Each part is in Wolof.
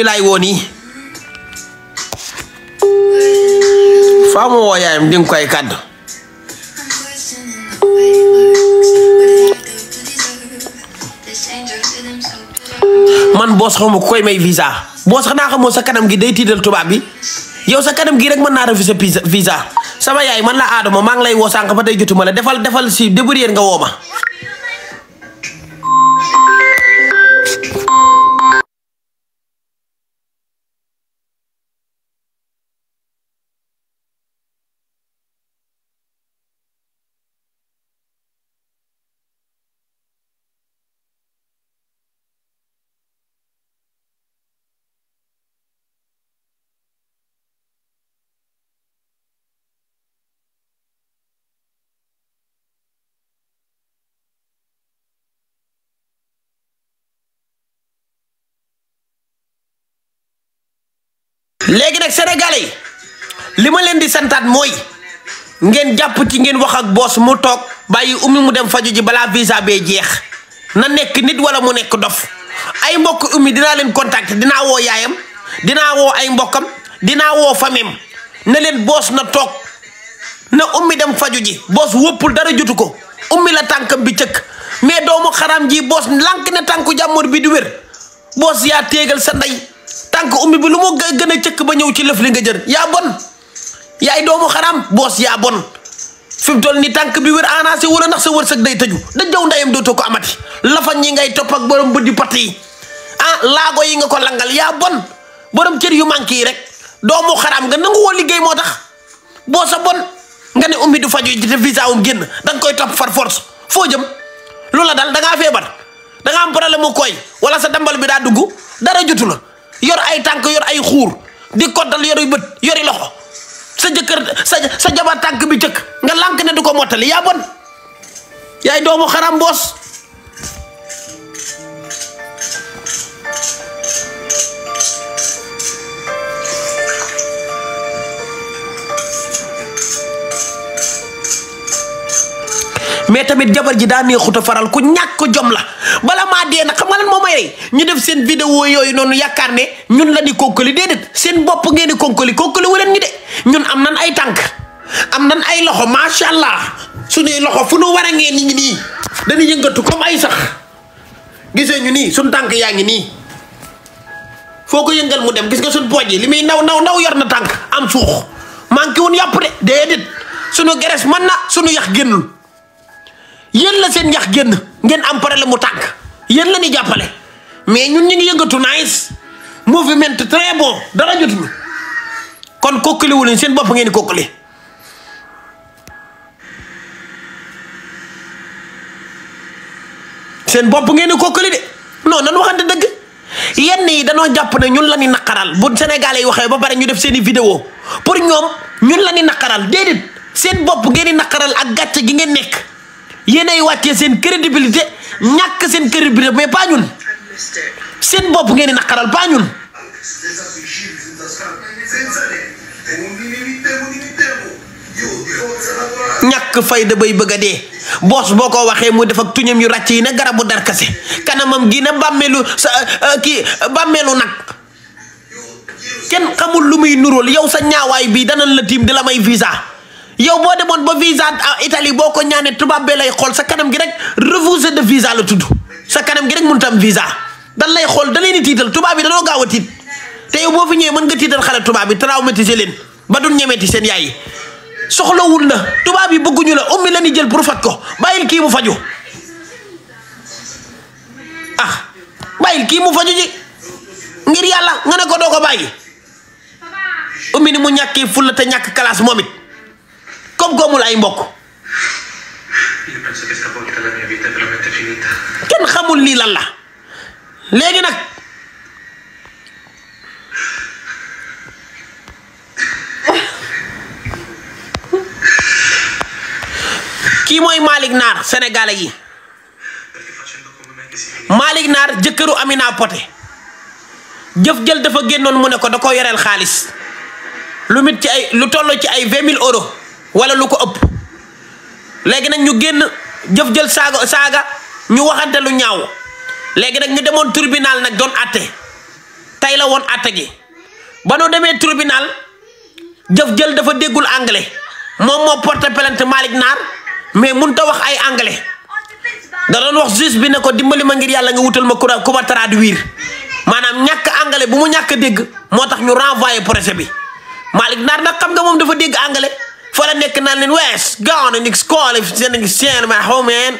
mi laay woo nii faa mu woo yaayam dénk koy kàddu man boos xaw ma ku koy may visa boos xanaa xamoo sa kanam gi day tiital tubaab bi yow sa kanam gii rek mën naa refuser visa sama yaay man la Adama ma ngi lay woo sànq ba day jotuma la defal defal si débrouiller nga woo ma léegi nag sénégalais li ma leen di santaat mooy ngeen jàpp ci ngeen wax ak boos mu toog bàyyi ummi mu dem faju ji balaa visa bee jeex na nekk nit wala mu nekk dof ay mbokk ummi dinaa leen contacter dinaa woo yaayam dinaa woo ay mbokkam dinaa woo famem ne leen boos na toog na ummi dem faju ji boos wëppul dara jotu ko ummi la tànkam bi cëkk mais doomu xaraam ji boos lànk ne tànku jàmmoor bi di wér boos yaa téegal sa nday tànk ummi bi lu mu gën a cëkk ba ñëw ci lëf li nga jër yaa bon yaay doomu xaram boos yaa bon fi mu toll ni tànk bi wér anacé wala ndax sa wërsëg day tëju da jaw ndayam dootoo ko amati lafañ yi ngay topp ak borom bëddi patt yi ah laago yi nga ko langal yaa bon borom cër yu manqué yi rek doomu xaram nga nangu woo liggéey moo tax boo sa bon nga ne ummi du faju ji te visa wum génn da koy topp far force foo jëm loola daal da ngaa feebar da nga am problème mu koy wala sa dambal bi daa dugg dara jotu la yor ay tànk yor ay xuur di koddal yori bët yori loxo sa jëkkër sa jabar tànk bi jëkk nga lànk ne du ko mottali yaa bon yaay doomu xaram boos mais tamit jabar ji daa neexut a faral ku ñàkk jom la bala maa dee nag xam nga lan moo ay ñu def seen vidéo yooyu noonu yaakaar ne ñun la di konkoli déedéet seen bopp ngeen di konkoli wu leen ñu de ñun am nan ay tànk am nan ay loxo macha allah suñuy loxo fu nu war a ngeen ñi nii dañuy yëngatu comme ay sax gisee ñu nii suñ tànk yaa ngi nii foo ko yëngal mu dem gis nga suñ pooj yi li may ndaw ndaw ndaw yor na tànk am suux manqué wun yàpp de déedéet suñu gerees mën na suñu yax génnul yën la seen yax génn ngeen am pare la mu tànk yën la ni jàppale mais ñun ñu ngi yëngatu nice mouvement très bon dara jotul kon kokkali leen seen bopp ngeen di kokkali seen bopp ngeen di kokkali de non nan waxante dëgg yenn yi danoo jàpp ne ñun la ñu naqaral bu Sénégalais yi waxee ba pare ñu def seen i vidéo pour ñoom ñun la ñu naqaral déedéet seen bopp ngeen di naqaral ak gàcce gi ngeen nekk yéen ay wàccee seen crédibilité ñàkk seen crédibilité mais pas ñun seen bopp ngeen di naqaral pas ñun. desafisciti senza scarpe e bay bëgg a dee boos boo ko waxee mu def ak tuñam yu ràcc yi na garabu darkase kanamam gi na bàmmeelu sa euh, euh, kii bàmmeelu nag kenn xamul lu muy nuróol yow sa ñaawaay bii danañ la tiim di la may visa yow boo demoon ba visa euh, itali boo ko ñaanee tubaab bee lay xool sa kanam gi rek refusé de visa la tudd sa kanam gi rek mënut am visa dan lay xool da leen di tiital tubaab yi danoo gaaw a tiit. te yow boo fi ñëwee mën nga tiital xale tubaab bi traumatiser leen ba duñ ñemeeti seen yaay yi soxlawul la tubaab yi bëgguñu la ummi la ni jël pour faj ko bàyyil kii mu faju ah bàyyil kii mu faju ji ngir yàlla nga ne ko doo ko bàyyi ummi ni mu ñàkkee fulla te ñàkk kalaas moom it comme koomul ay mbokk kenn xamul lii lan la léegi nag kii mooy Malick Naar sénégalais yi Malick Naar jëkkëru Amina Poté jëf jël dafa génnoon mu ne ko da ko yoreel xaalis lu mit ci ay lu toll ci ay vingt mille euros wala lu ko ëpp léegi nag ñu génn jëf jël saaga saaga ñu waxante lu ñaaw léegi nag ñu demoon tribunal nag doon àtte tey la woon àtte gi ba noo demee tribunal jëf jël dafa déggul anglais moom moo porté plainte Malick Naar. mais mun ta wax ay anglais da doon wax juste bi ne ko dimbali ma ngir yàlla nga wutal ma ku ma traduire maanaam ñàkk anglais bu mu ñàkk dégg moo tax ñu renvoyé projet bi Malick Naar nag xam nga moom dafa dégg anglais fa la nekk naan leen wees gaaw nañu skool seen ngi seen ma xaw meen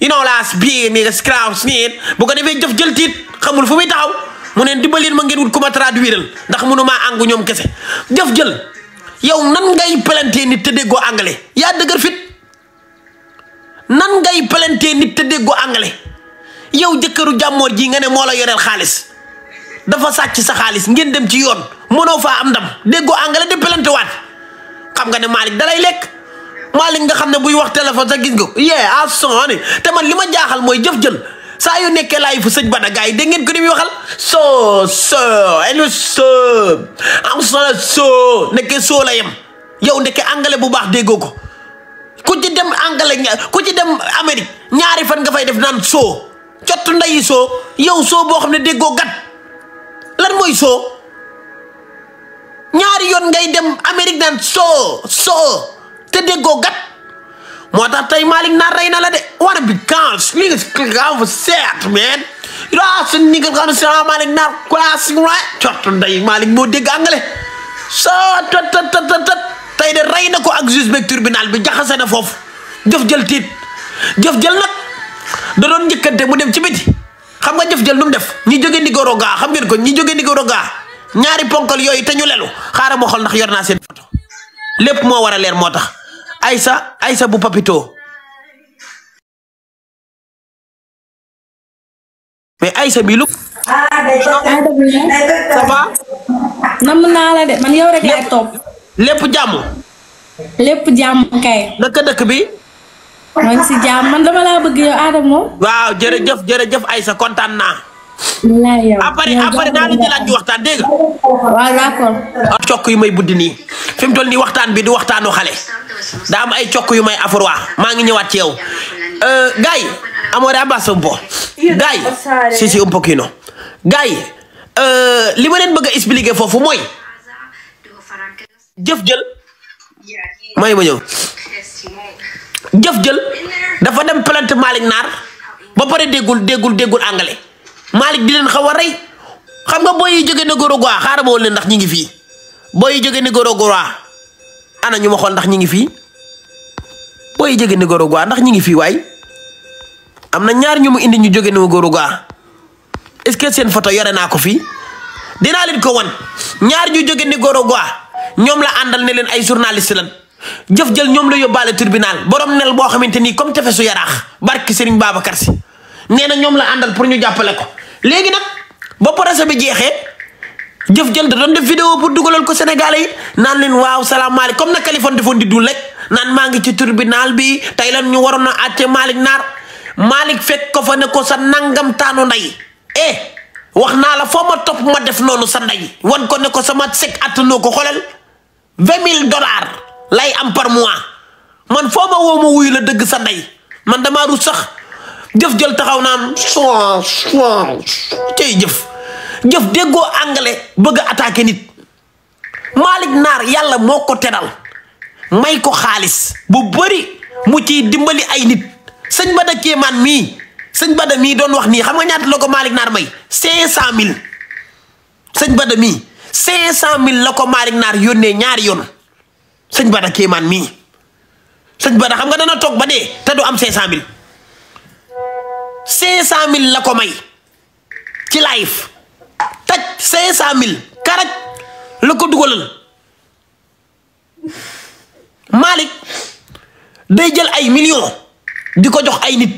inoo laas biir ni scraps niin bu ko defee jëf jël tiit xamul fu muy taxaw mu neen dimbaleen ma ngeen wut ku ma traduiral ndax mënuma àngu ñoom kese jëf jël yow nan ngay plante nit te déggoo anglais yaa dëgër fit nan ngay plante nit te déggu anglais yow jëkkëru jàmmoor ji nga ne moo la yoreel xaalis dafa sàcc sa xaalis ngeen dem ci yoon mënoo faa am ndam déggu anglais de plante waat xam nga ne Malick dalay lekk Malick nga xam ne buy wax téléphone sax gis nga yee à sonné te man li ma jaaxal mooy jëf jël saa yu nekkee laay fu sëñ Bada gars yi dégg ngeen ko ni muy soo soo elu soo am nekkee soo la yem yow nekkee anglais bu baax déggoo ko ku ci dem Angleterre ña ku ci dem Amérique ñaari fan nga fay def nan soo cott ndayi soo yow soo boo xam ne déggoo gat lan mooy soo ñaari yoon ngay dem Amérique naan soo soo te déggoo gat moo tax tey Malick naa rey na la de war bi gans li nga xam seet man ah suñu ni nga xam ne si waaw Malick naa classique waay nday Malick moo dégg anglais tey de rey na ko ak juge beeg tribunal bi jaxase na foofu jëf jël tiit jëf jël nag da doon njëkkante mu dem ci biti xam nga jëf jël nu def ñi jóge Ndigoro gaa xam ngeen ko ñi jóge Ndigoro gaa ñaari ponkal yooyu te ñu lelu xaaral ma xool ndax yor naa seen photo lépp moo war a leer moo tax Aïssa Aïssa bu papito mais Aïssa bi lu. nam naa la de man yow rek laay topp. lépp jàmm. lépp jàmm kay. naka dëkk bi. maa ngi si jàmm man dama laa bëgg yow Adamo. waaw jërëjëf jërëjëf Aïssa kontaan naa. wallaahi yow après après naa waxtaan dégg nga. cokk yu may buddi nii fi mu toll nii waxtaan bi du waxtaanu xale daa am ay cokk yu may afurwaa maa ngi ñëwaat ci yow. Euh, gars yi amoore abasa bo gay yi si si un poquito gars yi euh, bëgg a expliquer foofu mooy. jëf jël may ma jël dafa dem plainte Malick Naar ba pare déggul déggul déggul anglais Malick di leen xaw a rey xam nga booy yi jógee Nicaragua xaaral ma woon ndax ñi ngi fii booy yi jógee Nicaragua ana ñu ma xool ndax ñi ngi fii booy yi jógee Nicaragua ndax ñi ngi fii waay am na ñaar ñu mu indi ñu jógee Nicaragua est-ce que seen photo yore naa ko fii dinaa leen ko wan ñaar ñu jógee Nicaragua ñoom la àndal ne leen ay journaliste lan jëf jël ñoom la yóbbaale tribunal borom nel boo xamante ni comme tefesu yaraax barki Serigne baaba Sy nee na ñoom la àndal pour ñu jàppale ko léegi nag ba procès bi jeexee jëf jël da def vidéo pour dugalal ko Sénégalais naan leen waaw salaamaaleykum comme na Kaliphone defoon di dul rek naan maa ngi ci tribunal bi tey lan ñu waroon a àtte Malick Naar Malick fekk ko fa ne ko sa nangam taanu nday eh wax naa la foo ma topp ma def noonu sa nday wan ko ne ko sama sek attanoo ko xolal vingt mille dollars lay am par mois man foo ma woo wuyu la dëgg sa ndey man damaa rus sax jëf jël taxaw naan soin soin tey jëf jëf déggoo anglais nit Malick Naar yàlla moo ko teral may ko xaalis bu bëri mu ciy dimbali ay nit sëñ Bada Kéemaan mii sëñ Bada mii doon wax nii xam nga ñaata la ko Malick may cinq cent mille sëñ Bada mii cinq cent mille la ko Malick Naar yónnee ñaari yoon sëñ Bada Kéemaan mii sëñ Bada xam nga dana toog ba dee te du am cinq cent mille cinq cent mille la ko may ci live taj cinq cent mille karaj la ko dugalal Malick day jël ay millions di ko jox ay nit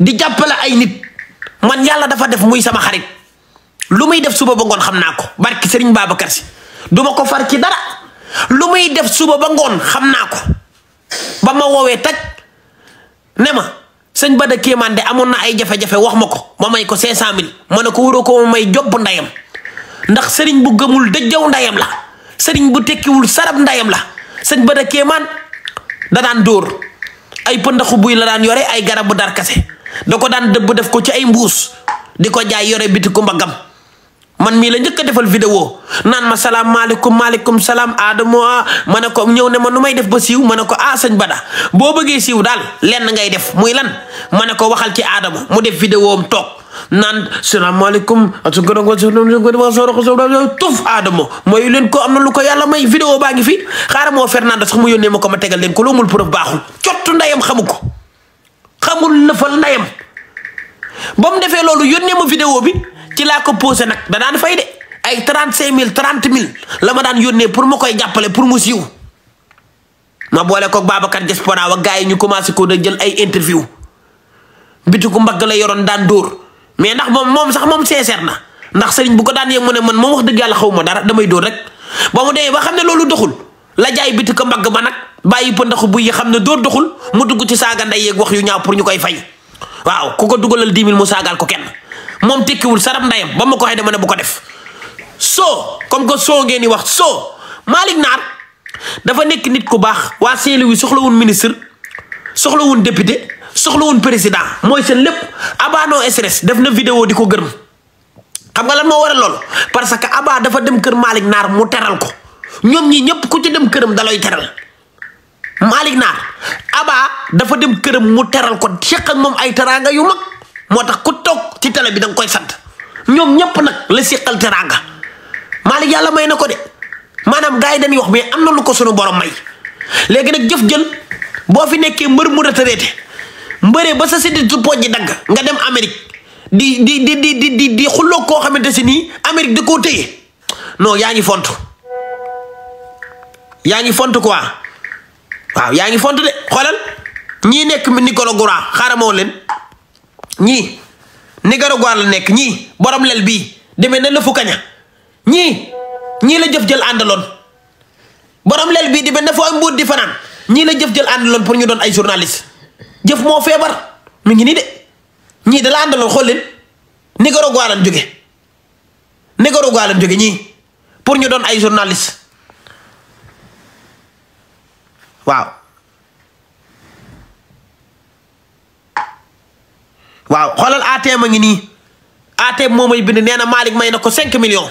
di jàppale ay nit man yàlla dafa def muy sama xarit lu muy def suba ba ngoon xam naa ko barki Serigne Babacar si duma ko far ci dara lu muy def suba ba ngoon xam naa ko ba ma woowee taj ne ma sëñ ba Bada Kéemaan de amoon na ay jafe-jafe wax ma ko ma may ko cinq cent mille ma ne ko wuroo ko ma may job ndeyam ndax sëriñ bu gëmul dëjjaw ndeyam la sëriñ bu tekkiwul sarab ndeyam la sëñ Bada Kéemaan da daan dóor ay pëndaxu buy la daan yore ay garabu darkase da ko daan dëbb def ko ci ay mbuus di ko jaay yore bitiku mbagam man mii la njëkk defal vidéo naan ma salaam maaleykum maaleykum salaam Adama ma ne ko ñëw ne ma nu may def ba siiw ma ne ko ah sëñ Bada boo bëggee siiw daal lenn ngay def muy lan ma ne ko waxal ci Adama mu def vidéo am toog naan salaamaaleykum tuf Adama mooy leen ko am lu ko yàlla may vidéo baa ngi fi xaaral moo Fernando sax mu yónnee ma ko ma tegal leen ko loomul preuve baaxul cottu ndayam xamu ko xamul lëfal ndayam ba mu defee loolu yónnee ma vidéo bi. ci laa ko posé nag da daan fay de ay trente cinq mille trente mille la ma daan yónnee pour ma koy jàppale pour mu siiw ma boole ko Babacar Diaspora wa gars yi ñu commencé ko da jël ay interview bitiku mbagg la yoroon daan dóor mais ndax moom moom sax moom sincère na ndax sëriñ bu ko daan yëg mu ne man moom wax dëgg yàlla xaw ma dara damay dóor rek ba mu demee ba xam ne loolu doxul la jaay bitiku mbagg ba nag bàyyi pëndaxu bu yi xam ne dóor doxul mu dugg ci saaga nday yeeg wax yu ñaaw pour ñu koy fay waaw ku dugalal dix mille mu saagaal ko kenn. moom tekkiwul sarab ndayam ba ma ko waxee dama ne bu ko def soo comme que soo ngee di wax soo Malick Naar dafa nekk nit ku baax waa Saint-Louis soxlawul ministre soxlawul soxla soxlawul président mooy seen lépp abano SRS def na vidéo di ko gërëm xam nga lan moo a lool parce que Aba dafa dem kër Malick Naar mu teral ko ñoom ñi ñëpp ku ci dem këram dalay teral Malick Naar Aba dafa dem këram mu teral ko seq moom ay teraanga yu mag. moo tax ku toog ci télé bi da nga koy sant ñoom ñëpp nag la seqal teraanga Malick yàlla may na ko de maanaam gars yi dañuy mais am na lu ko sunu borom may léegi nag jëf jël boo fi nekkee mbër mu retraité mbëree ba sa séddi su pooj ji dagg nga dem Amérique di di di di di di di koo xamante si nii Amérique da koo téye non yaa ngi font yaa ngi font quoi waaw yaa ngi font de xoolal ñii nekk mi Nicolas Goura xaaral ma leen. ñii Nicaragua la nekk ñii borom lel bii demee na lëfu kaña ñii ñii la jëf jël àndaloon borom lel bii demee na fa am buut di fanaan ñii la jëf jël àndaloon pour ñu doon ay journaliste jëf moo feebar mu ngi nii de ñii da la àndaloon xool leen Nicaragua lañ jóge Nicaragua lañ jóge ñii pour ñu doon ay journaliste waaw waaw xoolal ATM a ngi nii ATM moo may bind nee na Malick may na ko cinq millions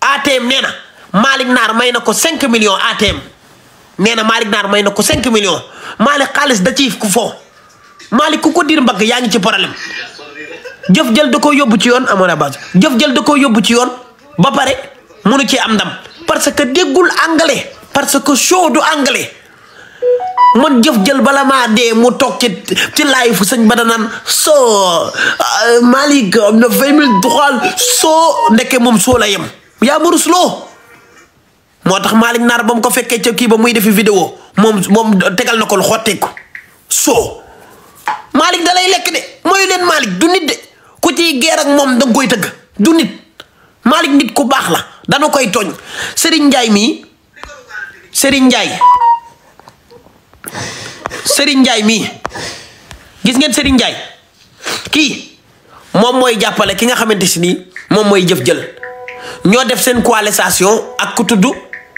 ATM nee na Malick Naar may na ko cinq million ATM nee na Malick Naar may na ko 5 millions Malick xaalis da ci ku fo Malick ku ko dir mbagg yaa ngi ci problème jëf jël da ko yóbbu ci yoon amoon na jëf jël da ko yóbbu ci yoon ba pare munu ci am ndam parce que déggul anglais parce que show du anglais. man jëf jël bala maa dee mu toog ci ci fu sëñ ba danaan soo euh, Malick am na vingt mille soo ndekkee moom soo la yem yaa ma rusloo moo tax Malick naar ba mu ko fekkee ca kii ba muy defi video moom moom tegal na ko lu xotteeku soo Malick da lay lekk de mooy leen Malick du nit de ku ciy geer ak moom danga koy tëgg du nit Malick nit ku baax la dana koy tooñ Serigne Ndiaye mii Serigne Ndiaye sëriñ njaay mii gis ngeen Serigne njaay kii moom mooy jàppale ki nga xamante si nii moom mooy jëf jël ñoo def seen coalition ak ku tudd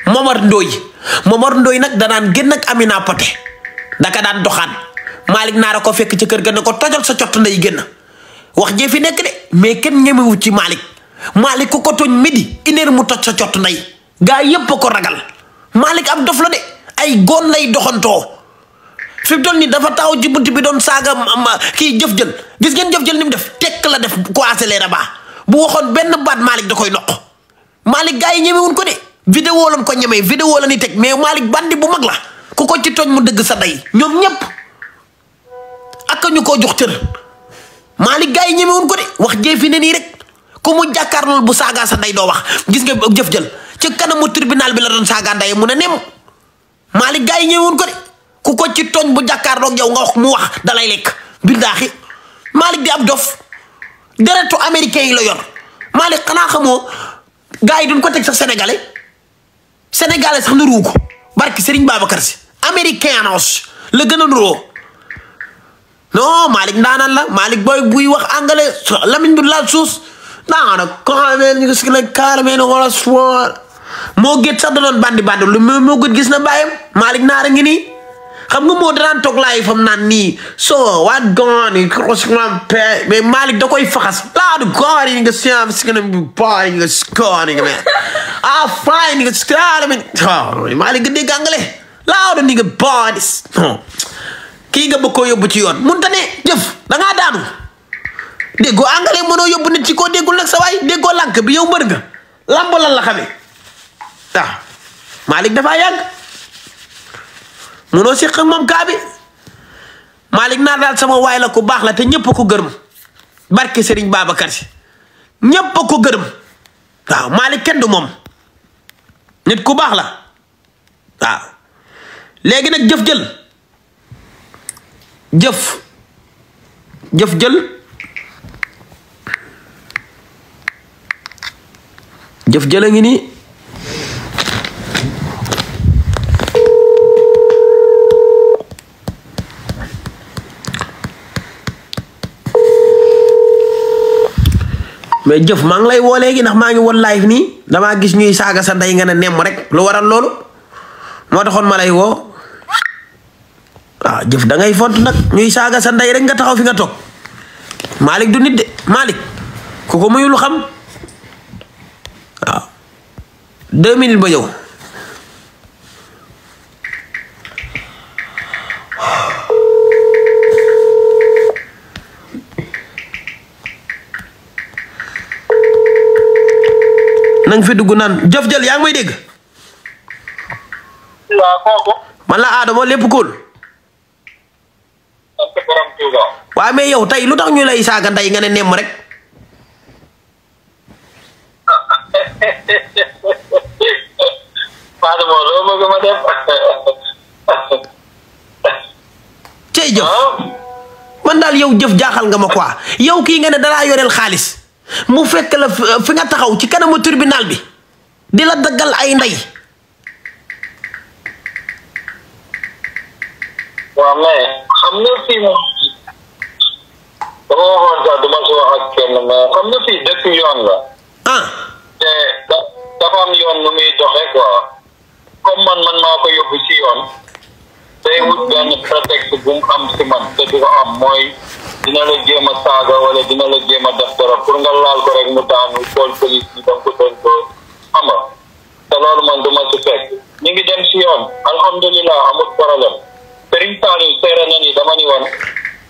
Momar Ndoye Momar Ndoye nag danaan génn ak Amina Poté daka daan doxaan Malick naar ko fekk ci kër ga ne ko tojal sa cott nday génn wax jee fi nekk de mais kenn ñemewu ci malik Malick ku ko tooñ midi une heure mu toj sa cott nay gaa yépp a ko ragal Malick am dof la de ay goon lay doxantoo fi mu toll nii dafa taxaw ci bunt bi doon saaga kii jëf jël gis ngeen jëf jël ni mu def tekk la def croisé les rabats bu waxoon benn baat Malick da koy noq Malick gaa yi ñemewuñ ko de vidéo lañ ko ñemee vidéo la ni teg mais Malick bandi bu mag la ku ko ci tooñ mu dëgg sa day ñoom ñëpp ñu ko jox cër Malick yi ñemewuñ ko wax jee ne nii rek ku mu jàkkaarlool bu saagaa sa day doo wax gis nga jëf jël ci kanamu tribunal bi la doon saagaa day mu ne nem Malick gars yi ñemewuñ ko de. ku ko ci tooñ bu jàkkaarloog yow nga wax mu wax dalay lekk bindaaxi Malick di ab dof deretu américain la yor Malick xanaa xamoo gars yi ko teg sax sénégalais sénégalais sax nuruu ko barki Serigne Babacar si américain annonce la gën a nuroo non Malick ndaanaan la Malick booy buy wax anglais lamiñ du laal suus daanaka kaamel ñu gis la moo gét sax da bandi bandi lu moo gét gis na bàyyam Malick naara ngi nii xam nga moo danaan toog laay fam naan nii so waat gone yi croisement pe mais Malick da koy faxas laadu gone yi nga si kanam bi baar yi nga score yi nga mais ah fine ah, ni nga kii nga bëgg koo yóbbu ci yoon mun tane jëf da ngaa daanu déggoo angale mënoo yóbbu nit ci koo déggul sa waay déggoo lànk bi yow mbër nga lamb lan la xamee ah Malick dafaa yàgg munoo séq ak moom kaa bi Malick daal sama waay la ku baax la te ñëpp a ko gërëm barke Serigne Babacar si ñëpp ko gërëm waaw Malick kenn du moom nit ku baax la waaw léegi nag jëf jël jëf jëf jël jëf jël a ngi ma jëf maa lay woo léegi ndax maa ngi woon live nii damaa gis ñuy saaga sa ndey nga ne nemm rek lu waral loolu moo taxoon ma lay woo waaw ah, jëf da ngay font nag ñuy saaga sa ndey rek nga taxaw fi nga toog Malick du nit de Malick ku ko muyul xam waaw ah. deux minutes ba yow na nga fi dugg naan jëf Jël yaa ngi may dégg. waaw man la Adama lépp kóol. waaw mais yow tey lu tax ñu lay saaga ndey nga ne nemm rek. cey jëf man daal yow jëf jaaxal nga ma quoi yow kii nga ne dalaa yoreel xaalis. mu fekk la fi nga taxaw ci kanamu tribunal bi di la daggal ay ndey. waaw mais xam nga fii moom xam nga fii dëkk yoon la. ah. te dafa yoon nu muy doxee quoi comme man man maa ko yóbbu ci yoon. day wut benn prétexte bu mu am si man te du ko am mooy dina la jéem a saaga wala dina la jéem a def dara pour nga laal ko rek mu daanu xool police bi da xam nga te loolu man du ma si fekk ñu ngi dem si yoon alhamdulilah amul problème Serigne Saliou seere na ni dama ni woon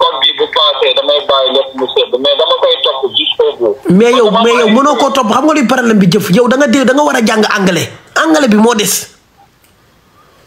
code bi bu paasee damay bàyyi lépp mu sedd mais dama koy topp jusqu'au bout. mais yow mais yow mënoo koo topp xam nga luy problème bi jëf yow da nga dégg da war a jàng anglais anglais bi moo des.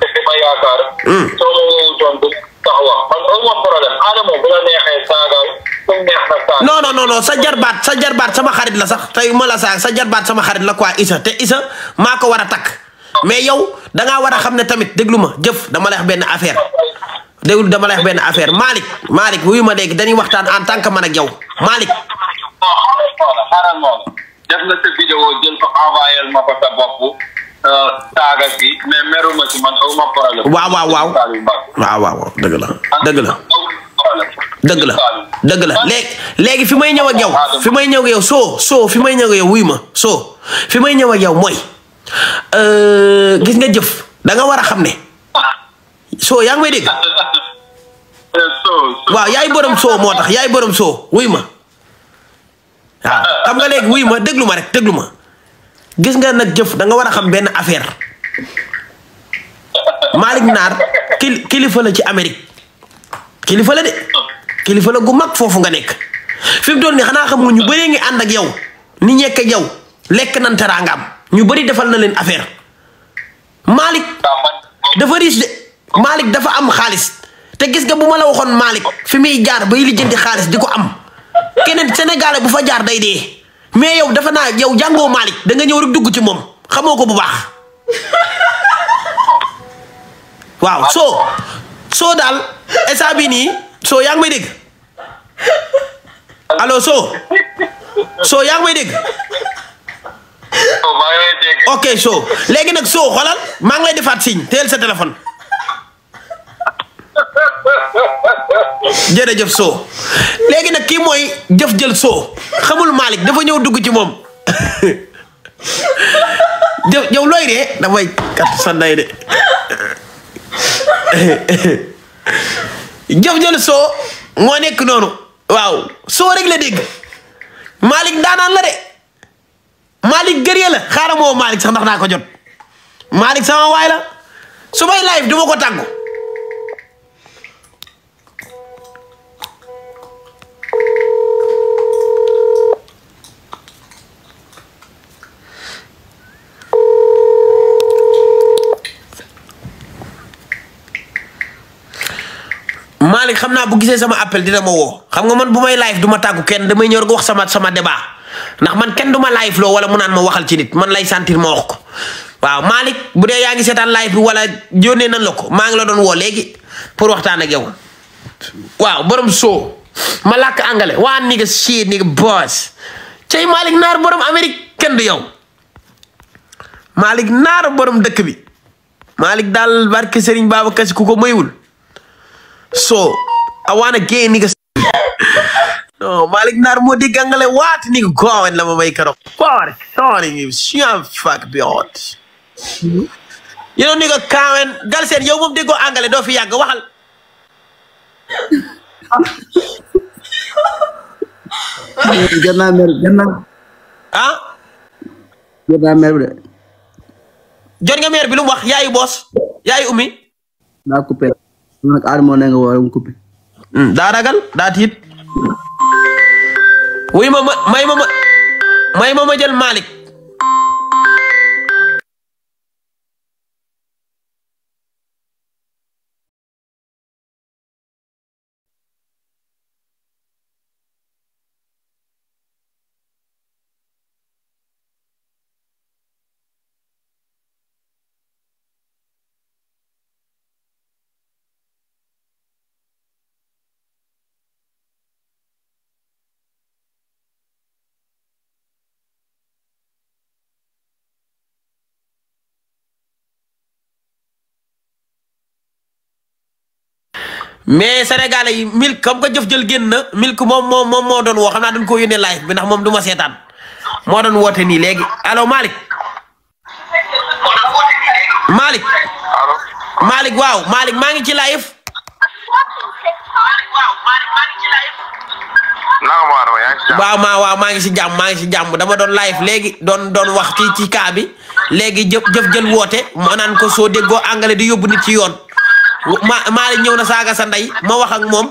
ma yaakaar. Hmm. soo sa jarbaat sa jarbaat sama xarit la sax tey ma la saaga sa jarbaat sama xarit la quoi Issa te Issa maa ko war a takk mais yow danga war a xam ne tamit déglu ma jëf dama lay wax benn affaire. déglu dama lay benn affaire Malick Malick wuyu ma léegi dañuy waxtaan en tant que man ak yow Malick. saaga euh, ma problème. waaw waaw waaw waaw waaw dëgg la ah, dëgg la. dëgg la dëgg fi may ñëw ak fi may ñëw ak soo soo fi may ñëw ak wuy ma soo fi may ñëw ak yow mooy euh, gis nga jëf danga war a xam ne soo yaa ngi may dégg. Euh, waaw yaay borom soo moo tax yaay borom soo wuy ma waaw xam nga léegi wuy ma déglu ma rek déglu ma. gis nga nag jëf danga war a xam benn affaire Malick Naar kil la ci Amérique kilifa la de kilifa gu mag foofu nga nekk fi doon ni xanaa xam nga ñu bëree ngi ànd ak yow ni ñekk ak lekk nan teraangaam ñu bari defal na leen affaire Malick dafa riche de Malick dafa am xaalis te gis nga bu ma la waxoon Malick fi muy jaar bay lijjanti xaalis di ko am keneen Sénégalais bu fa jaar day dee. mais yow dafa naa yow jàngoo Malick da nga ñëw rek dugg ci moom xamoo ko bu baax waaw soo soo daal instant bii nii soo yaa ngi may dégg allo soo soo yaa ngi may dégg. ok soo léegi nag soo xoolal maa ngi lay defaat signe teel sa téléphone. jërëjëf soow léegi nag kii mooy jëf jël soo xamul Malick dafa ñëw dugg ci moom jëf yow looy de damay kat jël soo moo nekk noonu waaw soo rek la dégg Malick daanaan la de Malick gërë xaaral moo Malick sax ndax naa ko jot Malick sama waay la su may live du ko tàggu. Malick xam naa bu gisee sama appel dina ma woo xam nga man bu may live du ma kenn damay ñëw rek wax sama sama débat ndax man kenn du ma live loo wala mu naan ma waxal ci nit man lay sentir ma wax ko waaw Malick yaa ngi seetaan live bi wala yónnee nan la ko maa ngi la doon woo pour waxtaan ak yow soo ma làkk angale waa ni nga sii ni nga naar borom Amérique kenn du yow Malick naar borom dëkk bi Malick daal barke Serigne Babacar Sy ku ko mayul So I wanna gay nigga. no, Malik Narmudi Gangale, what nigga go and lama make a park? Sorry, you sham fuck beyond. You know nigga Karen, girl said yo mum go angale dofi yaga wahal. Gana mer, gana. Ah? Gana mer nga mer bi wax yaay boss, yaay umi. nag aadama na nga waroon coupé. Hmm, daa ragal daa tiit. wuy ma ma may ma ma may ma ma jël Malick. mais sénégalais yi milk comme que jëf jël génn na milk moom moom moom moo doon woo xam naa dañ ko yónnee live bi ndax moom du ma seetaan moo doon woote nii léegi allo Malick Malick Malick waaw Malick maa ngi ci live waaw maa waaw maa ngi si jàmm maa ngi ci jàmm dama doon live léegi doon doon wax ci ci kaa bi léegi jëf jëf jël woote moo naan ko soo déggoo angale di yóbbu ci yoon ma maa ñëw na saaga sa ndey ma wax ak moom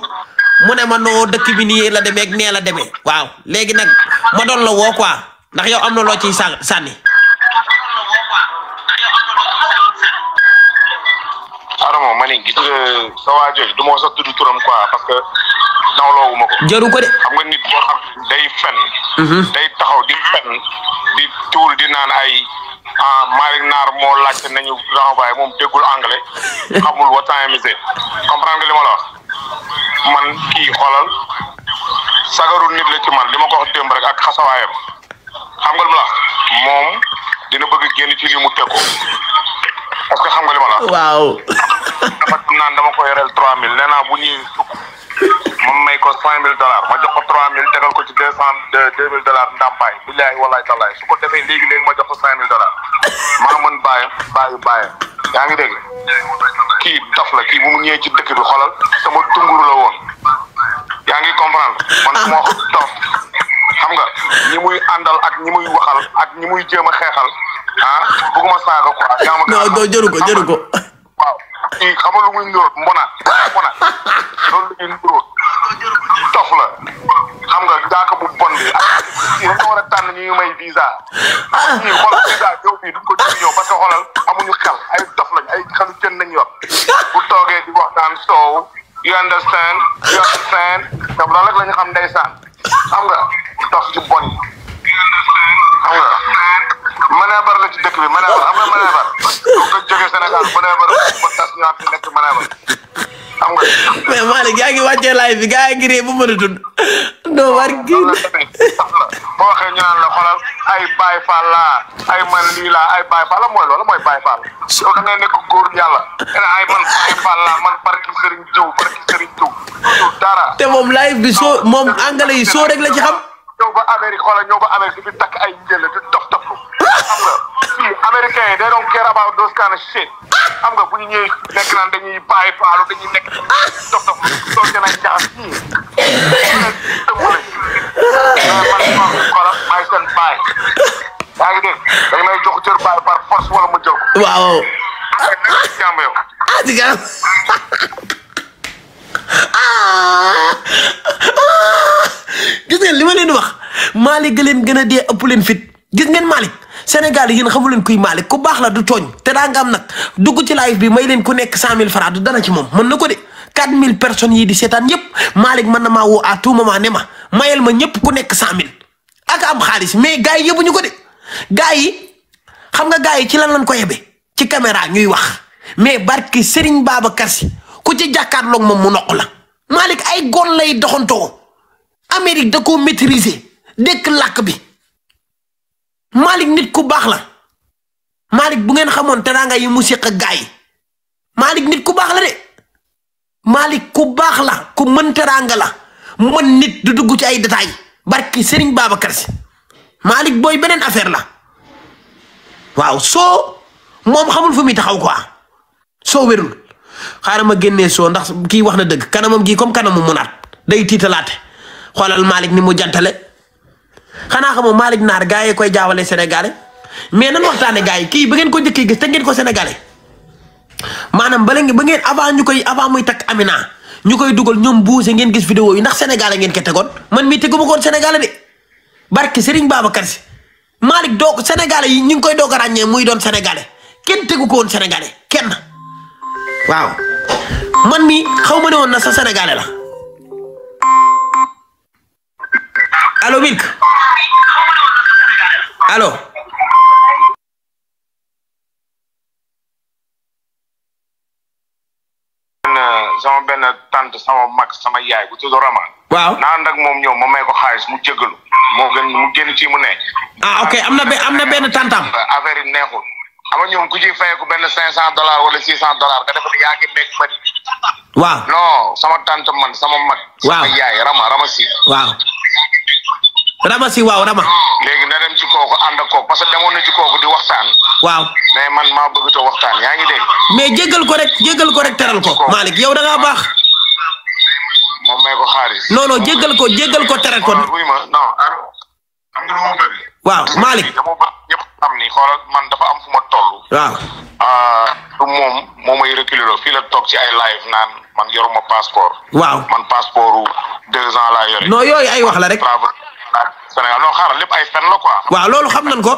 mu ne ma noo dëkk bi nii la demee ak nee la demee waaw léegi nag ma doon la woo quoi ndax yow am na loo ciy sànni Adama ma ne gis nga sa waa du ma sa tudd turam quoi parce que nawloowu ma ko. jaru ko de. xam nga nit boo xam day fen. Mhm. day taxaw di fen di tuur di naan ay ah Malick Naar moo laajte nañu renvoyé moom déggul anglais xamul what time is it comprendre nga li ma la man kii xoolal sagaru nit la ci man li ma ko wax rek ak xasawaayam xam nga li la moom dina bëgg génn ci li mu teg parce que xam nga li la waaw dafa naan dama ko yoreel trois mille nee naa bu ñuy sukk ma may ko cinq mille dollars ma jox ko trois mille tegal ko ci deux cent deux mille dollars ndàmpaay billaay walaay tallaay su ko defee léegi léegi ma jox ko cinq mille dollars maa mën bàyyam bàyyi bàyyam yaa ngi dégg kii dof la kii bu mu ñëwee ci dëkk bi xolal sama tunguru la woon ngi comprendre man moo ah. ma dof xam nga ñi muy àndal ak ñi muy waxal ak ñi muy jéem a xeexal ah bëgguma saaga quoi. non non jëru ko jëru ko. kii xam nga lu muy niróot mbonaat mbonaat loolu xam nga jaaka bu bon bi ak yéen ñoo war a may visa ñii xool visa yow bii duñ ko jëriñoo parce que xoolal amuñu xel ay dof lañ ay xelu jën nañ yor bu toogee di waxtaan soow you understand you understand loolu rek la ñu xam ndeysaan xam nga dof ci bon yi xam nga manaabar la ci dëkk bi manaabar am nga manaabar nga jógee Sénégal manaabar ba tas ñëwaat fi nekk manaabar xam nga. mais Malick yaa ngi wàccee bu mën a war kii boo waxee ñu la ay Baay Faal laa ay man lii laa ay mooy loolu mooy Baay Faal. yow da ngay nekk góor yàlla nga te moom live bi soo moom anglais soo rek la ci xam. ñëw ba Amérique xoolal ñëw ba Amérique di takk ay njël di dof dof lu xam nga fii américain yi they don't care about those kind of shit xam nga bu ñu ñëwee nekk naan dañuy bàyyi paalu dañuy nekk dof dof lu soo gën a jaxas ñii man xoolal maay seen baay yaa ngi dégg dañ may jox cër baay par force wala ma jël ko waaw ah di gis ngeen li ma leen wax Malick ga leen gën a dee ëpp leen fit gis ngeen Malick Sénégal yéen xamu leen kuy Malick ku baax la du tooñ te daa nga am nag dugg ci live bi may leen ku nekk cent mille francs du dana ci moom mën na ko de quatre mille personnes yii di seetaan yépp Malick mën na maa woo à tout ne ma mayel ma ñëpp ku nekk cent mille ak am xaalis mais gars yi ñu ko de gars yi xam nga gars yi ci lan lañ ko yebe ci caméra ñuy wax mais barki Serigne Babacar Sy ku ci jàkkaarloog moom mu noq la Malick ay gon lay doxantoo Amérique da ko maîtriser dëkk lakk bi Malick nit ku baax la Malick bu ngeen xamoon teraanga yi mu séq ak gaa yi Malick nit ku baax la de Malick ku baax la ku mën teraanga la mën nit du dugg ci ay détails barki Serigne Babacar Sy Malick booy beneen affaire la waaw soo moom xamul fu muy taxaw quoi soo wérul xaaral ma génnee soo ndax kii wax na dëgg kanamam gii comme kanamu munaat day tiitalaate xoolal Malick ni mu jantale xanaa xamoo Malick naar gars yi koy jaawale sénégalais mais nan waxtaane gars yi kii ba ngeen ko njëkkee gis te ngeen ko sénégalais maanaam bala ngeen ba ngeen avant ñu koy avant muy takk Amina ñu koy dugal ñoom buuse ngeen gis vidéo yi ndax sénégalais ngeen ko tegoon man mii teguma koon sénégalais de barke Serigne Babacar Si Malick doo sénégalais yi ñu ngi koy doog ràññee muy doon sénégalais kenn tegu ko woon sénégalais kenn. waaw man mi xaw ma ne woon na sa sénégalais la allo Milk allo sama benn tante sama mag sama yaay bu tudd Rama. waaw naa ànd moom ñëw ma may ko xaalis mu jégalu moo gën ci mu ne. ah ok am na benn tantam. affaire yi neexul. xam nga ñoom ku ciy fayeeku benn cinq cent dollars wala six cent dollars nga def ni yaa ngi meeg waaw non sama tante man sama mag waaw sama yaay rama rama si waaw rama léegi na dem ci kooku ànd ak kooku parce que demoon na ci kooku di waxtaan waaw mais man maa bëggatoo waxtaan yaa ngi dégg mais jéggal ko rek jéggal ko rek teral ko Malick yow da ngaa baax moom may ko xaalis non non jéggal ko jéggal ko teral ko non waaw Malick dama bëgg man dafa am fu ma toll. waaw. Ah, moom moo may reculer fii la toog ci ay live naan man yoruma passeport. waaw man passeportu deux ans laa yore. non ay wax la rek. Sénégal non lépp ay fen la quoi. waaw loolu xam nañ ko.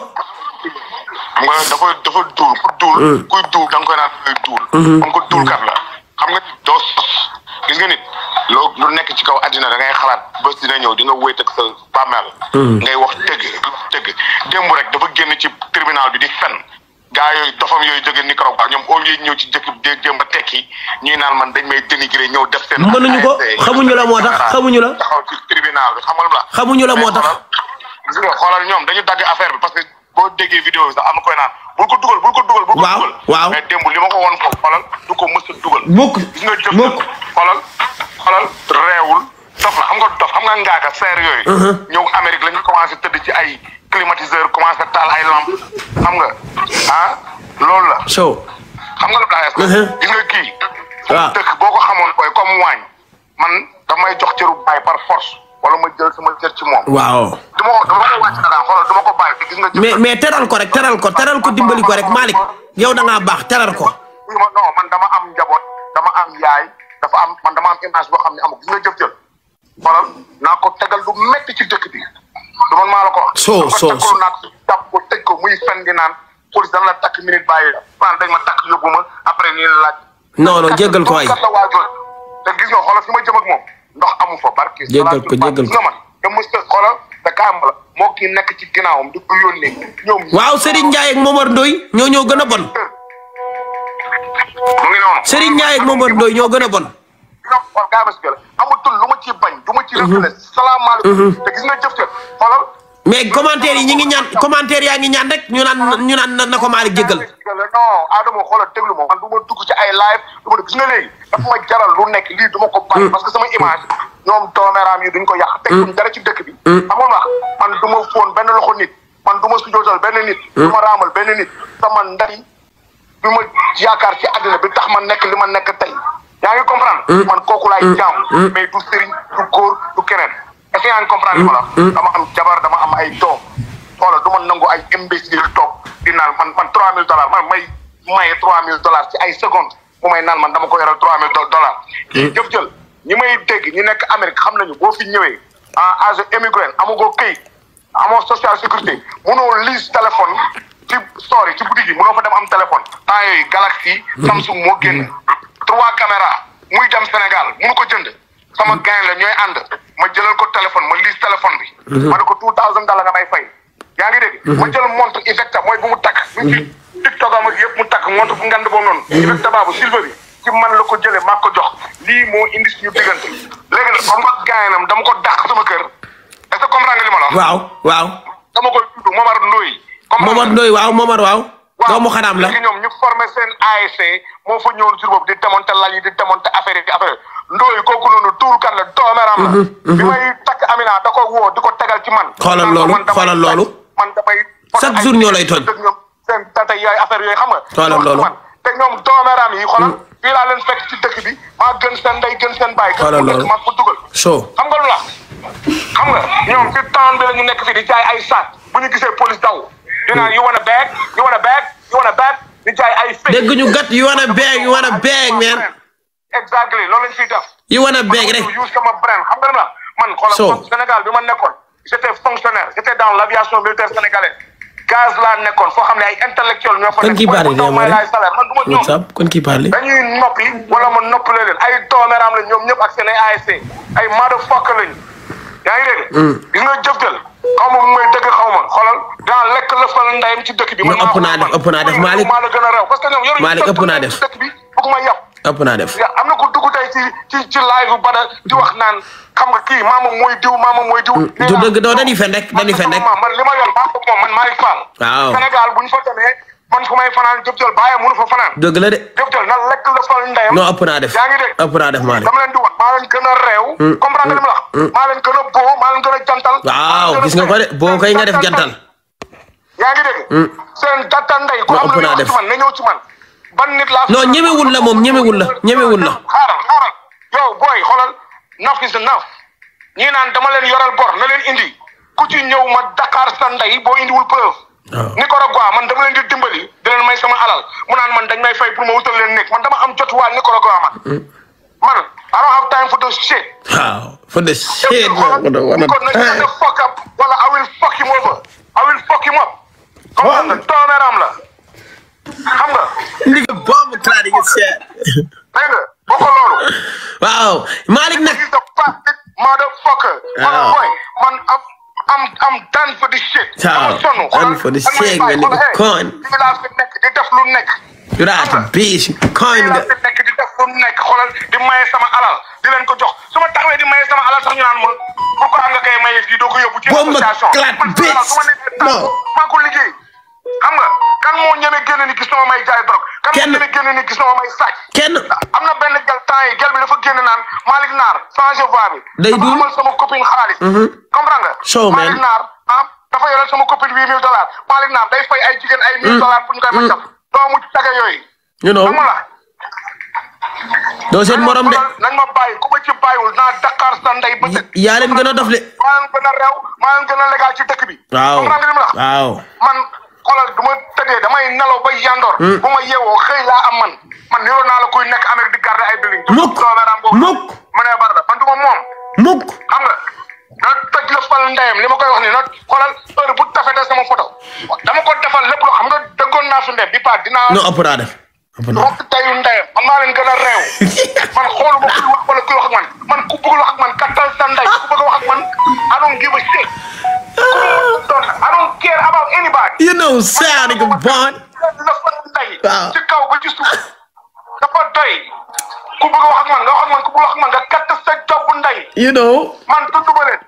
xam nga dafa dafa duul ku hmm. koy naan kuy hmm. la xam nga doo gis nga nit loo lu nekk ci kaw àddina da ngay xalaat bés dina ñëw di nga wéet ak sa bàmmeel hmm. ngay wax démb rek dafa génn ci tribunal bi di fen gaa yooyu dofam yooyu jóge Nicaragua ñoom au lieu ñëw ci dëkk dé démb tekki ñuy naan man dañ may dénigré ñëw def seen. ñu ko xamuñu la moo tax xamuñu la taxaw ci tribunal bi xamal la. xamuñu la moo tax gis xoolal ñoom dañu dagg affaire bi parce que boo déggee vidéo bi sax am na koy naan bul ko dugal bul ko dugal. bul ko dugal waaw mais démb li ma ko woon foofu xoolal du ko mës a dugal. mukk mukk gis nga jëm xoolal xoolal reewul. dof la xam nga dof xam nga ngaaka seer yooyu. Uh-huh. ñëw Amérique la ñu commencé tëdd ci ay climatiseur commencé taal ay lamp xam nga ah loolu la. so xam nga loolu laa uh-huh. gis nga kii. waaw ah. dëkk boo ko xamoon booy comme waañ man damay jox cëru ay par force. wala ma jël sama cër ci moom. waaw. du ma ko dama ko wàcc dara xoolal du ma ko bàyyi gis nga. mais mais teral ko rek teral ko teral ko dimbali ko rek Malick yow da ngaa baax teral ko. non man dama am njaboot dama am yaay dafa am man dama am image boo xam ne am gis nga jëf jël. xoolal naa ko tegal lu métti ci dëkk bi du maa la ko wax. naa ko ko tëj ko muy fen naan police dana la takk minute bàyyi la. maanaam dañ ma ma après laaj. non non jéggal ko ay kat la waajal gis nga xoolal fi ma jëm moom ndox amu ko jéggal ko man te mos a xoolal te la moo kii nekk ci ginnaawam di ko yónnee ñoom. waaw Serigne Ndiaye Momar Ndoye ñoo ñoo gën a bon. mu ngi noonu Momar Ndoye ñoo gën a bon. dina xool gaa ma si gën amatul lu ma ciy bañ. du ma ciy mhm. reculé salaamaaleykum. Mhm. te gis nga jëf te xoolal. mais commentaire yi ñu ngi ñaan commentaire yaa ngi ñaan rek ñu naan ñu naan na ko Malick jéggal. non Adama xoolal déglu ma man ma dugg ci ay live du ma dugg gis nga léegi. nekk lii du ma ko bàyyi. Mhm. parce que sama image ñoom doomeraam yi duñ ko yàq. teg dara ci dëkk bi. amul wax man du ma fóon benn loxo nit. man du ma sujootal benn nit. du ma raamal benn nit. sama ndari bi ma yaakaar ci àddina bi tax ma nekk li ma nekk tey. yaa ngi comprendre. Mm. man kooku laay mm. jaam. Mm. mais du sëriñ du góor du keneen. est yaa ngi comprendre ma la. dama am jabar dama am ay doom. xoolal du man nangu ay imbécile toog di naan man man 3000 dollars man may maye mille dollars ci ay secondes mu may naan man dama ko yoral 3000 dollars. kii jëf jël ñi may dégg ñu nekk Amérique xam nañu boo fi ñëwee en âge émigré amagoo këyit amoo social sécurité munoo liis téléphone. ci store yi ci boutique yi mënoo fa dem am téléphone. temps yooyu Galaxy. Samsung moo génn. trois caméras muy dem Sénégal munu ko jënd sama mm. gain la ñooy ànd ma jëlal ko téléphone ma liis téléphone bi. Mm-hmm. ma ne ko two thousand dollars nga may fay. yaa ngi dégg. Mm-hmm. ma jël montre Invicta mooy bu mu takk. ñu mm-hmm. ci TikTok am ak yëpp mu takk montre bu ngand boobu noonu. Invicta baabu silver bi ci man la ko jëlee maa ko jox lii moo indi suñu diggante léegi nag comme que gainam dama ko dàq sama kër est-ce que waaw waaw. dama ko tudd Momar Ndoye. Momar Ndoye doomu xanaam la waaw ñoom ñu formé seen ASC moo fa ñëwoon sur boobu di démonter lal yi di démonter affaire yi di affaire ndooy kooku noonu tuurkat la doomeram la. Mm-hmm, mm-hmm. bi may takk Amina da ko woo di ko tegal ci man. xoolal loolu xoolal loolu. man damay chaque jour ñoo lay toj. seen tata yooyu affaire yooyu xam nga. xoolal loolu te ñoom doomeram yi xoolal. Mm-hmm. fii laa leen fekk ci dëkk bi maa gën seen ndey gën seen baay. xoolal loolu maa ko dugal. so xam nga lu la xam nga ñoom ci temps bi la ñu nekk fii di jaay ay saak bu ñu gisee police daw. you know you want a bag you want a bag you want a bag di jaay ay fake dégg you want a bag you want a bag man exactly loolu lañ fiy def you want a bag rek use sama brand xam nga la man xoolal Sénégal bi ma nekkoon j'étais fonctionnaire j'étais dans l'aviation militaire sénégalaise gaz laa nekkoon foo xam ne ay intellectuel ñoo fa nekk kon kii parle réew ma rek kon kii parle dañuy noppi ma noppale leen ay dooméram la ñoom ñëpp ak seen ay ay motherfucker lañu yaa ngi dégg mm. gis nga xaw ma bu may dëgg xaw ma xoolal daan lekk lëfal ndayam ci dëkk bi. man ëpp naa def ëpp naa def Malick maa la gën a rew parce que ñoom yoruñu Malick ëpp naa def dëkk bi bëgg ma yàpp ëpp naa def am na ko dugg tey ci ci ci live wax naan xam nga kii maama mooy diw maama mooy diw. Mm, du dëgg doo dañuy fen rek dañuy fen rek man li ma ko moom bu ñu fa demee man fu may fanaan Jobjol bàyyi mënu fa fanaan. dëgg la de. Jobjol na lekk la sol ndeyam. non ëpp naa def yaa ngi dégg. ëpp naa def maa def dama leen di maa leen gën a réew. Mm, mm, comprendre la wax. Mm. maa leen gën a boo maa leen gën a jantal. waaw gis nga ko de boo koy nga def jantal. yaa na ñëw ci man. ñemewul la moom ñemewul la ñemewul la. xaaral xaaral yow booy xoolal naf is naf ñii naan dama leen yoral bor na indi ku ci ñëw ma Dakar sa ndey boo indiwul preuve ko man dama leen di dimbali di leen may sama alal mu naan man dañ may fay pour ma wutal leen nekk man dama am jot waa Nicaragua man. Mm. man I don't have time for the shit. waaw for the shit. man man man man fuck up wala I will fuck I will fuck him up. waaw comme tooneeram la xam nga. li nga boobu taal di nga seet. dégg nga boo ko loolu. waaw man am am daan fa di shit. dama sonn xoolal for the shit nga nekk koñ. fii laa fi nekk di def lu nekk. yu daal biis koñ nga. laa fi nekk di def lu nekk xoolal di maye sama alal di leen ko jox su ma taxawee di maye sama alal sax ñu naan ma pourquoi nga koy maye fii doo ko yóbbu. ci association man maa ko liggéey. xam nga kan moo ñeme génn ni gis na ma may jaay drogue. kenn kan moo ñeme génn ni gis na may sàcc. kenn am na benn gel temps yi gel bi dafa génn naan Malick Naar changé voix bi. day dul amal sama copine xaalis. Mm-hmm. comprendre nga. show man Malick Naar ah dafa yoreel sama copine huit mille day fay ay jigéen ay mille mm. dollars pour ñu koy màccam. Mm. doo mujj tege yooyu. you know amul seen morom de nañ ma bàyyi ku ma ci bàyyiwul naa Dakar sa ndey ba tëj. yaa leen gën a dof de. maa leen gën a réew maa leen bi. waaw xoolal du ma tëddee damay nelaw ba yandoor. Hmm. bu ma yeewoo xëy laa am man man niroo naa la koy nekk Amérique di garder ay building. mukk mukk mu ne Barra man du ma moom. mukk xam nga na toj la fal ndeyam li ma koy wax nii nag xoolal heure bu tafet a sama photo dama ko defal lépp loo xam nga déggoon naa su ndeyam bi paa dinaa. non ëpp naa def. roog dayu ndeyam man maa leen gën a man xoolu ma kuy wax wala man man ku bëggul wax man kattan you know saa ni ko bon. waaw ci kaw ba ci suuf dafa doy ku bëgg wax ak man nga wax ak man ku bëgg wax ak man nga kat sa job ndey. you know man tudd ba leen.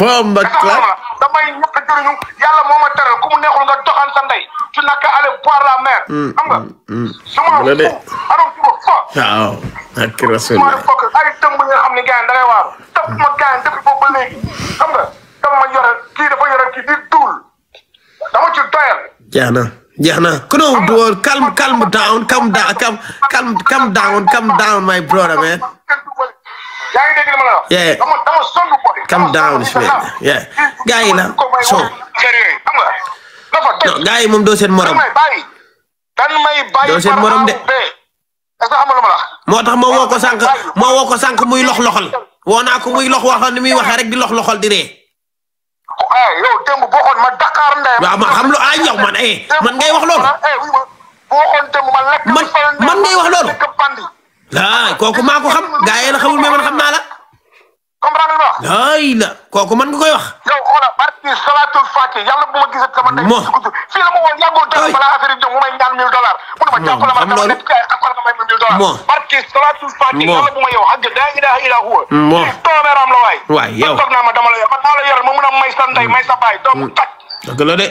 pom ba la damay ñàkk a jëriñu yàlla moo ma teral ku mu neexul nga doxaan sa ndey tu n'as qu'à aller boire la mer. Mm, xam nga. Mm, mm. su ma la de alors su ma fa. waaw ak rasul la ay tëmb yi nga xam ne gars yi da ngay waaru. tëmb ma gars yi depuis boobu ba léegi xam nga tëmb ma yore kii dafa yore kii di duul. dama ci na jeex na kuno do calm calm down calm down calm calm calm down calm down my brother man. yaa ngi down is man yeah gaa yi la so. non moom doo seen morom. dan may bàyyi seen morom de. moo tax ma woo ko sànq ma woo ko sànq muy lox loxal woo naa ko muy lox waxal ni muy waxee rek di lox loxal di Eh, yow démb boo xoon ma Dakar ndeyam. waaw ma xam lu ah yow man eh man ngay wax loolu. Eh, boo xoon démb ma lekk. man man ngay wax loolu. ah kooku maa ko xam gaa yéen a xamul mais man xam naa la. comprendre ma wax. ay la kooku mën nga koy wax. yow xoolal barki salaatul fàcce yàlla bu ma gisee sama ndey. moo fii la ma woon yàggul balaa affaire yi mu may ñaan mille mu ne barki salaatul fàcce yàlla bu ma yow xagg daa ilaha illa huwa. moo toog naa ma dama la yor man a may sa ndey mm. may sa baay doomu mm. tàcc. dëgg la de.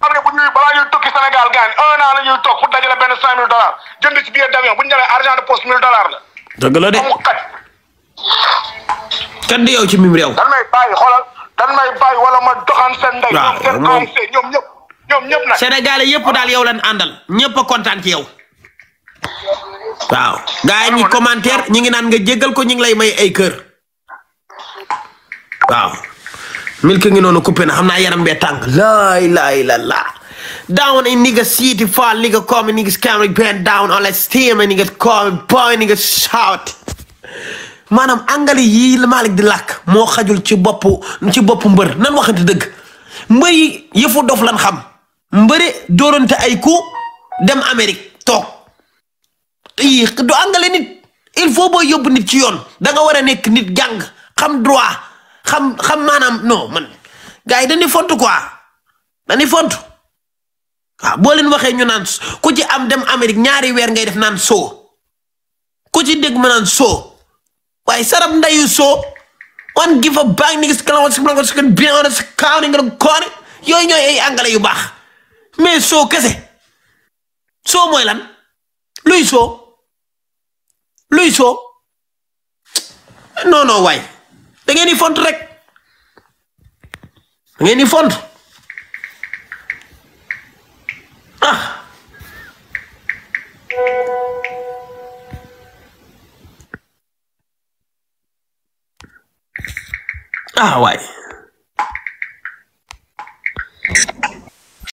xam ne bu ñuy balaa ñuy tukki Sénégal gaan un an la ñuy toog pour dajale benn cinq mille dollars bu ñu jëlee argent de poste mille kenn du ci mim réew. dan may bàyyi xoolal dan may daal yow lan àndal ñëpp a kontaan ci yow. waaw gaa yi ñi commentaire ñi ngi naan nga jéggal ko ñi ngi lay may ay kër. waaw. milki ngi noonu coupé na xam naa yaram bee tàng laa ilaaha illallah down in nigga city fall nigga come nigga scam bend down all esteem nigga come boy nigga shout maanaam anglais yii Malick di làkk moo xajul ci bopp ci bopp mbër nan waxante dëgg mbër yi yëfu dof lan xam mbëre dóorante ay ku dem Amérique toog i du anglais nit il faut boo yóbbu nit ci yoon da nga war a nekk nit jàng xam droit xam xam maanaam non man gars yi dañuy font quoi dañuy font waaw boo leen waxee ñu naan ku ci am dem Amérique ñaari weer ngay def naan soo ku ci dégg ma naan soow Why shut up now you so? One give a bang niggas gonna want to go be on a counting gonna corner. Yo yo ay angale yu baax. Mais so kese. So mooy lan? Luy so? Luy so? Non non waay. Da ngeen di font rek. Da ngeen di font. Ah. ah waay